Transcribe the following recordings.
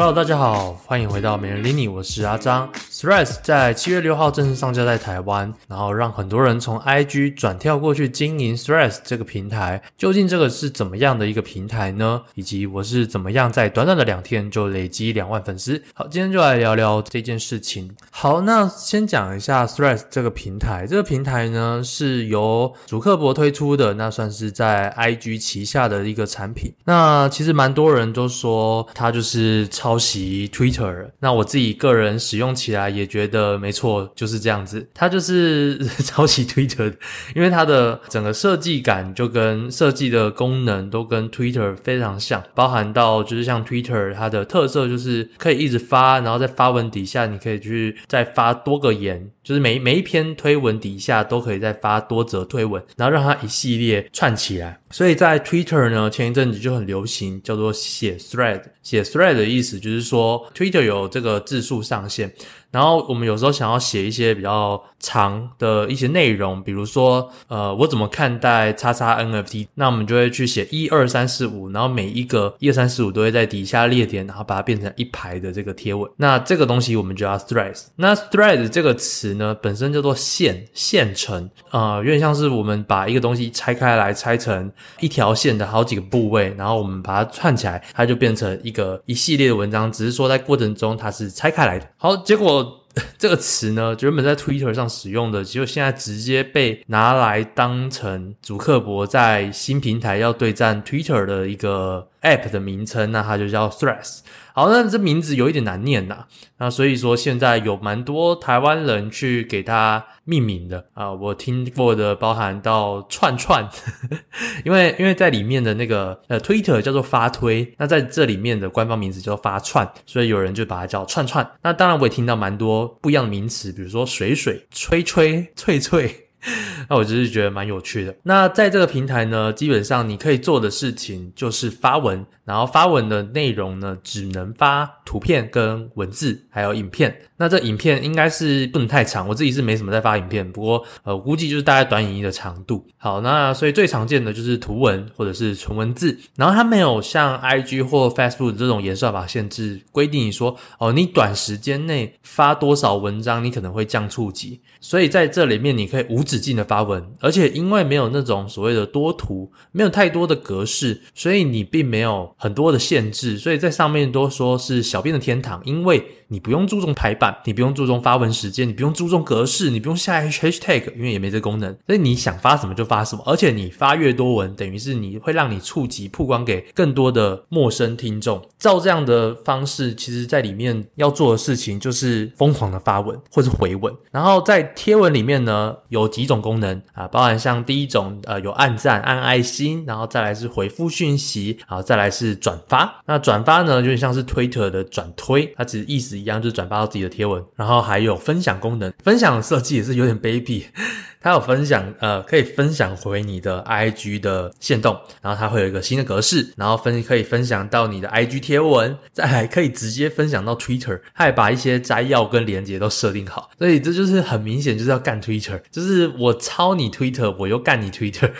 Hello，大家好，歡迎回到媒人理你，我是阿璋。Threads 在七月六號正式上架在台灣，然後讓很多人從 IG 轉跳過去經營 Threads 這個平台。究竟這個是怎麼樣的一個平台呢？以及我是怎麼樣在短短的兩天就累積兩萬粉絲？好，今天就來聊聊這件事情。好，那先講一下 Threads 這個平台。這個平台呢，是由祖克柏推出的，那算是在 IG 旗下的一個產品。那其實蠻多人都說它就是超。抄襲 Twitter，那我自己個人使用起來也覺得沒錯，就是這樣子。它就是抄襲 Twitter 的，因為它的整個設計感就跟設計的功能都跟 Twitter 非常像，包含到就是像 Twitter 它的特色就是可以一直發，然後在發文底下你可以去再發多個言，就是每每一篇推文底下都可以再發多則推文，然後讓它一系列串起來。所以在 Twitter 呢，前一陣子就很流行，叫做寫 thread，寫 thread 的意思。就是說，Twitter 有這個字數上限，然後我們有時候想要寫一些比較長的一些內容，比如說，呃，我怎麼看待叉叉 NFT？那我們就會去寫一二三四五，然後每一個一二三四五都會在底下列點，然後把它變成一排的這個貼文。那這個東西我們就叫 threads。那 threads 這個詞呢，本身叫做線、線程，啊、呃，有點像是我們把一個東西拆開來，拆成一條線的好幾個部位，然後我們把它串起來，它就變成一個一系列的文章。只是說在過程中它是拆開來的。好，結果。 這個詞呢，原本在 Twitter 上使用的，結果現在直接被拿來當成祖克柏在新平台要對戰 Twitter 的一個。App 的名稱，那它就叫 Threads。好，那這名字有一點難唸吶，那所以說現在有蠻多台灣人去給它命名的啊。我聽過的包含到串串， 因為因為在裡面的那個呃 Twitter 叫做發推，那在這裡面的官方名字叫做發串，所以有人就把它叫串串。那當然我也聽到蠻多不一樣的名詞，比如說水水、吹吹、脆脆。 那我只是覺得蠻有趣的。那在這個平台呢，基本上你可以做的事情就是發文，然後發文的內容呢，只能發圖片跟文字，還有影片。那這影片應該是不能太長，我自己是沒什麼在發影片，不過呃，估計就是大概短影音的長度。好，那所以最常見的就是圖文或者是純文字，然後它沒有像 IG 或 Facebook 這種演算法限制規定你說哦，你短時間內發多少文章，你可能會降觸及。所以在這裡面，你可以無止境的。發文，而且因為沒有那種所謂的多圖，沒有太多的格式，所以你並沒有很多的限制，所以在上面都說是小編的天堂，因為。你不用注重排版，你不用注重發文時間，你不用注重格式，你不用下 #hashtag，因為也沒這功能。所以你想發什麼就發什麼，而且你發越多文，等於是你會讓你觸及、曝光給更多的陌生聽眾。照這樣的方式，其實，在裡面要做的事情就是瘋狂的發文，或是回文。然後在貼文裡面呢，有幾種功能啊，包含像第一種，呃，有按讚、按愛心，然後再來是回復訊息，啊，再來是轉發。那轉發呢，有點像是 Twitter 的轉推，它只是意思。一樣就轉發到自己的貼文，然後還有分享功能，分享的設計也是有點卑鄙。它有分享，呃，可以分享回你的 IG 的限動，然後它會有一個新的格式，然後分可以分享到你的 IG 貼文，再來可以直接分享到 Twitter。它還把一些摘要跟鏈接都設定好，所以這就是很明顯就是要幹 Twitter，就是我抄你 Twitter，我又幹你 Twitter，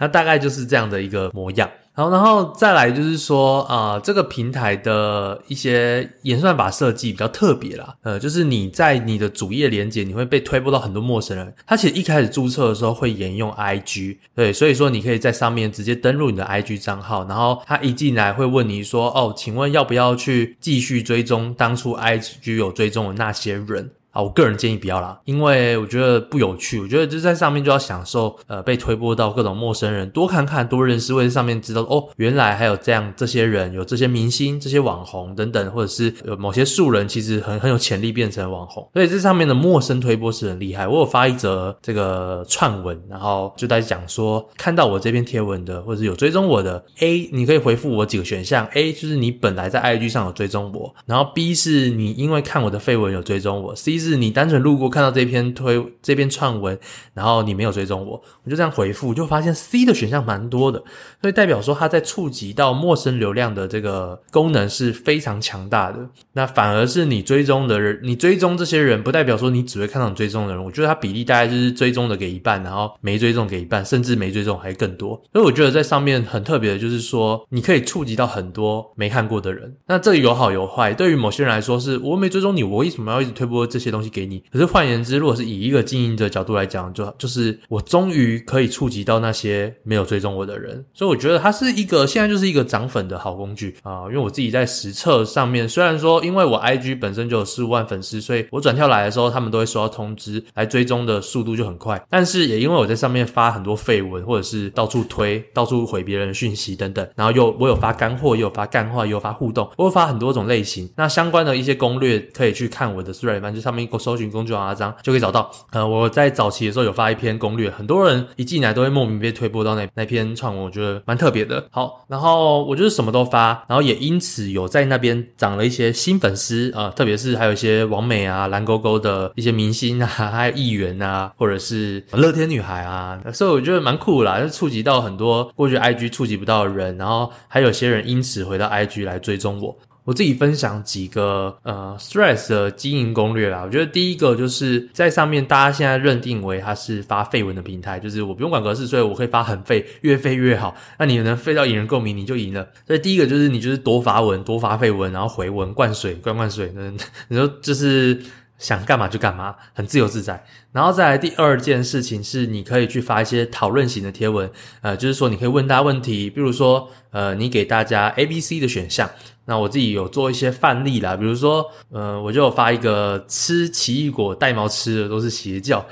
那大概就是這樣的一個模樣。好，然後再來就是說，呃，這個平台的一些演算法設計比較特別啦，呃，就是你在你的主頁連接，你會被推播到很多陌生人。他其實一開始注冊的時候會沿用 IG，對，所以說你可以在上面直接登錄你的 IG 賬號，然後他一進來會問你說，哦，請問要不要去繼續追蹤當初 IG 有追蹤的那些人？啊，我個人建議不要啦，因為我覺得不有趣。我覺得就在上面就要享受，呃，被推播到各種陌生人，多看看，多認識。會在上面知道哦，原來還有這樣這些人，有這些明星、這些網紅等等，或者是有某些素人，其實很很有潛力變成網紅。所以這上面的陌生推播是很厲害。我有發一則這個串文，然後就大家講說，看到我這篇貼文的，或者是有追蹤我的 A，你可以回覆我幾個選項。A 就是你本來在 IG 上有追蹤我，然後 B 是你因為看我的廢文有追蹤我，C。是你單純路過看到這篇推這篇串文，然後你沒有追蹤我，我就這樣回復，就發現 C 的選項蠻多的，所以代表說它在觸及到陌生流量的這個功能是非常強大的。那反而是你追蹤的人，你追蹤這些人，不代表說你只會看到你追蹤的人。我覺得他比例大概就是追蹤的給一半，然後沒追蹤給一半，甚至沒追蹤還更多。所以我覺得在上面很特別的就是說，你可以觸及到很多沒看過的人。那這裡有好有壞，對於某些人來說是，我沒追蹤你，我為什麼要一直推播這些？東西給你，可是換言之，如果是以一個經營者角度來講，就就是我終於可以觸及到那些沒有追蹤我的人，所以我覺得它是一個現在就是一個漲粉的好工具啊、呃。因為我自己在實測上面，雖然說因為我 IG 本身就有四五萬粉絲，所以我轉跳來的時候，他們都會收到通知，來追蹤的速度就很快。但是也因為我在上面發很多廢文，或者是到處推、到處回別人的訊息等等，然後又我有發乾貨，又有發乾話，又有發互動，我有發很多種類型。那相關的一些攻略可以去看我的 Threads 翻，就上面。搜尋工具王阿璋就可以找到。呃，我在早期的時候有發一篇攻略，很多人一進來都會莫名被推播到那那篇串文，我覺得蠻特別的。好，然後我就是什麼都發，然後也因此有在那邊漲了一些新粉絲啊、呃，特別是還有一些網美啊、藍勾勾的一些明星啊，還有議員啊，或者是樂天女孩啊，所以我覺得蠻酷啦，就觸及到很多過去 IG 觸及不到的人，然後還有些人因此回到 IG 來追蹤我。我自己分享幾個呃，Threads 的經營攻略啦。我覺得第一個就是在上面，大家現在認定為它是發廢文的平台，就是我不用管格式，所以我可以發很廢，越廢越好。那、啊、你能廢到引人共鳴，你就贏了。所以第一個就是你就是多發文，多發廢文，然後回文灌水，灌灌水、嗯，你說就是想幹嘛就幹嘛，很自由自在。然後再來第二件事情是，你可以去發一些討論型的貼文，呃，就是說你可以問大家問題，比如說，呃，你給大家 A、B、C 的選項。那我自己有做一些範例啦，比如說，呃，我就有發一個吃奇異果帶毛吃的都是邪教，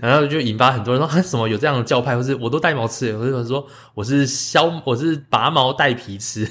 然後就引發很多人說什麼有這樣的教派，或是我都帶毛吃的，或者說我是削，我是拔毛帶皮吃，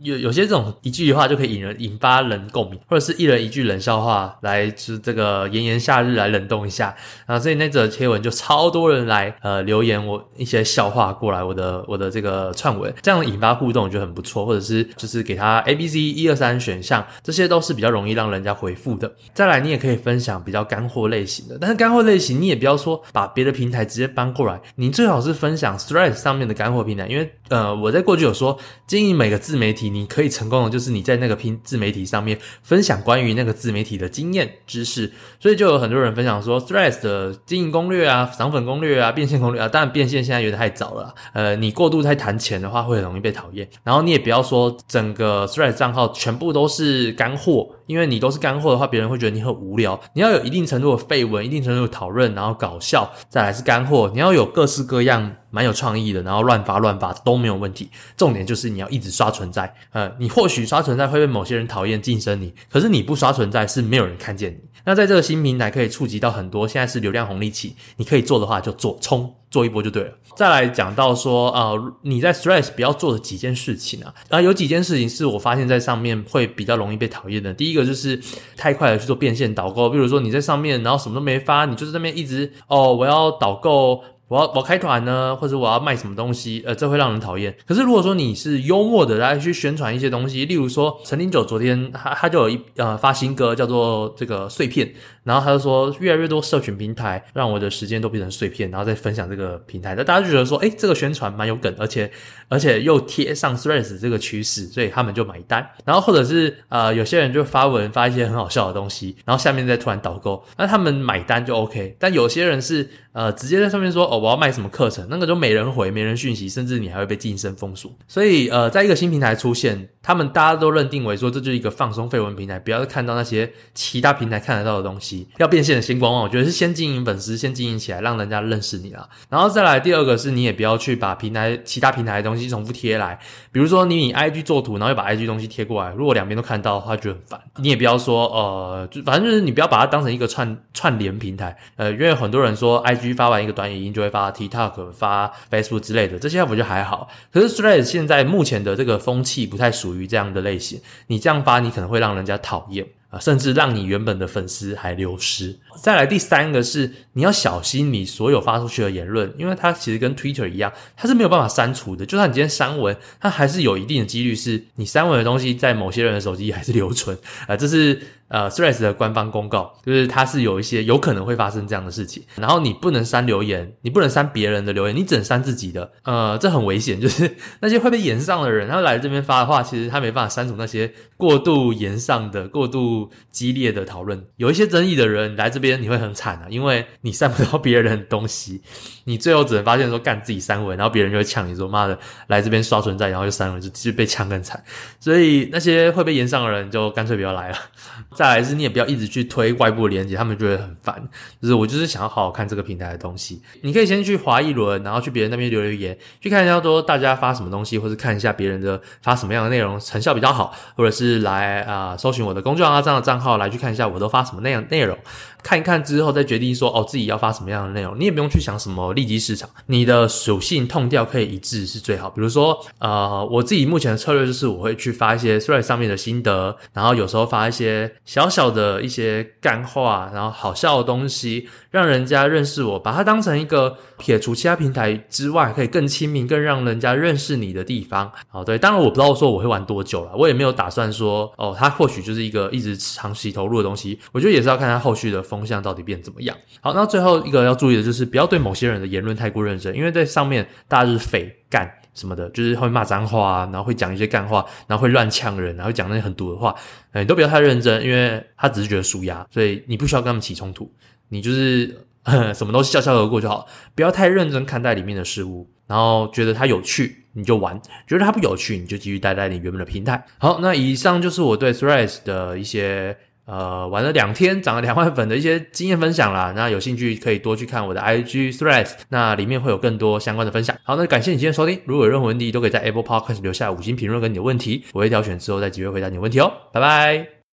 有有些這種一句話就可以引人，引發人共鳴，或者是一人一句冷笑話來就這個炎炎夏日來冷凍一下。啊，所以那則貼文就超多人來呃留言，我一些笑話過來，我的我的這個串文，這樣引發互動我覺得很不錯，或者是就是給他 A、B、C 一二三選項，這些都是比較容易讓人家回復的。再來，你也可以分享比較乾貨類型的，但是乾貨類型你也不要說把別的平台直接搬過來，你最好是分享 Threads 上面的乾貨平台，因為呃我在過去有說建議每個自媒體，你可以成功的，就是你在那個平自媒體上面分享關於那個自媒體的經驗知識，所以就有很多人分享說。Threads 的經營攻略啊，漲粉攻略啊，變現攻略啊，當然變現現在有點太早了啊。呃，你過度太談錢的話，會很容易被討厭。然後你也不要說整個 Threads 賬號全部都是乾貨。因為你都是乾貨的話，別人會覺得你很無聊。你要有一定程度的廢文，一定程度的討論，然後搞笑，再來是乾貨。你要有各式各樣蠻有創意的，然後亂發亂發都沒有問題。重點就是你要一直刷存在。呃、嗯，你或許刷存在會被某些人討厭，晉升你。可是你不刷存在是沒有人看見你。那在這個新平台可以觸及到很多，現在是流量紅利期，你可以做的話就做衝。做一波就對了。再來講到說，呃，你在 Threads 不要做的幾件事情啊。然後，呃，有幾件事情是我發現在上面會比較容易被討厭的。第一個就是太快的去做變現導購，比如說你在上面，然後什麼都沒發，你就是那邊一直哦，我要導購。我要我開團呢，或者我要賣什麼東西，呃，這會讓人討厭。可是如果說你是幽默的大家去宣傳一些東西，例如說陳零九昨天他他就有一呃發新歌叫做這個碎片，然後他就說越來越多社群平台讓我的時間都變成碎片，然後再分享這個平台，那大家就覺得說，哎，這個宣傳蠻有梗，而且而且又貼上 Threads 這個趨勢，所以他們就買單。然後或者是呃有些人就發文發一些很好笑的東西，然後下面再突然導購，那他們買單就 OK。但有些人是呃直接在上面說哦。我要賣什麼課程？那個就沒人回，沒人訊息，甚至你還會被噤聲封鎖。所以，呃，在一個新平台出現，他們大家都認定為說，這就是一個放鬆廢文平台，不要看到那些其他平台看得到的東西。要變現的先觀望，我覺得是先經營粉絲，先經營起來，讓人家認識你啊。然後再來第二個是，你也不要去把平台其他平台的東西重複貼來，比如說你以 IG 做圖，然後又把 IG 東西貼過來，如果兩邊都看到的話，就很煩。你也不要說，呃，就反正就是你不要把它當成一個串串聯平台，呃，因為很多人說 IG 發完一個短影音就會。發 TikTok、發 Facebook 之類的這些，我覺得還好。可是 Threads 現在目前的這個風氣不太屬於這樣的類型，你這樣發，你可能會讓人家討厭啊，甚至讓你原本的粉絲還流失。再來第三個是，你要小心你所有發出去的言論，因為它其實跟 Twitter 一樣，它是沒有辦法刪除的。就算你今天刪文，它還是有一定的幾率是你刪文的東西在某些人的手機還是留存啊，呃，這是。呃 Threads 的官方公告就是它是有一些有可能會發生這樣的事情，然後你不能刪留言，你不能刪別人的留言，你只能刪自己的。呃，這很危險，就是那些會被炎上的人，他來這邊發的話，其實他沒辦法刪除那些過度炎上的、過度激烈的討論。有一些爭議的人來這邊，你會很慘啊，因為你刪不到別人的東西，你最後只能發現說幹自己刪文，然後別人就會嗆你說媽的，來這邊刷存在，然後就刪文，就其實被嗆更慘。所以那些會被炎上的人就乾脆不要來了。再來是，你也不要一直去推外部的鏈接，他們覺得很煩。就是我就是想要好好看這個平台的東西，你可以先去滑一輪，然後去別人那邊留留言，去看一下說大家發什麼東西，或是看一下別人的發什麼樣的內容，成效比較好，或者是來啊、呃、搜尋我的工具王阿璋這樣的賬號來去看一下我都發什麼內內容。看一看之後再決定說哦，自己要發什麼樣的內容，你也不用去想什麼利基市場，你的屬性痛調可以一致是最好。比如說，呃，我自己目前的策略就是我會去發一些 Threads 上面的心得，然後有時候發一些小小的一些乾話，然後好笑的東西，讓人家認識我，把它當成一個撇除其他平台之外可以更親民、更讓人家認識你的地方。好、哦，對，當然我不知道說我會玩多久啦，我也沒有打算說哦，它或許就是一個一直長期投入的東西，我覺得也是要看它後續的。風向到底變怎麼樣？好，那最後一個要注意的就是，不要對某些人的言論太過認真，因為在上面大家是匪幹什麼的，就是會罵髒話啊，然後會講一些幹話，然後會亂嗆人，然後講那些很毒的話，你、欸、都不要太認真，因為他只是覺得舒壓，所以你不需要跟他們起衝突，你就是呵呵什麼都笑笑而過就好，不要太認真看待裡面的事物，然後覺得它有趣你就玩，覺得它不有趣你就繼續待在你原本的平台。好，那以上就是我對 Threads 的一些。呃，玩了兩天，漲了兩萬粉的一些經驗分享啦。那有興趣可以多去看我的 IG Threads，那裡面會有更多相關的分享。好，那感謝你今天的收聽，如果有任何問題，都可以在 Apple Podcast 留下五星評論跟你的問題，我會挑選之後再繼續回答你的問題哦。拜拜。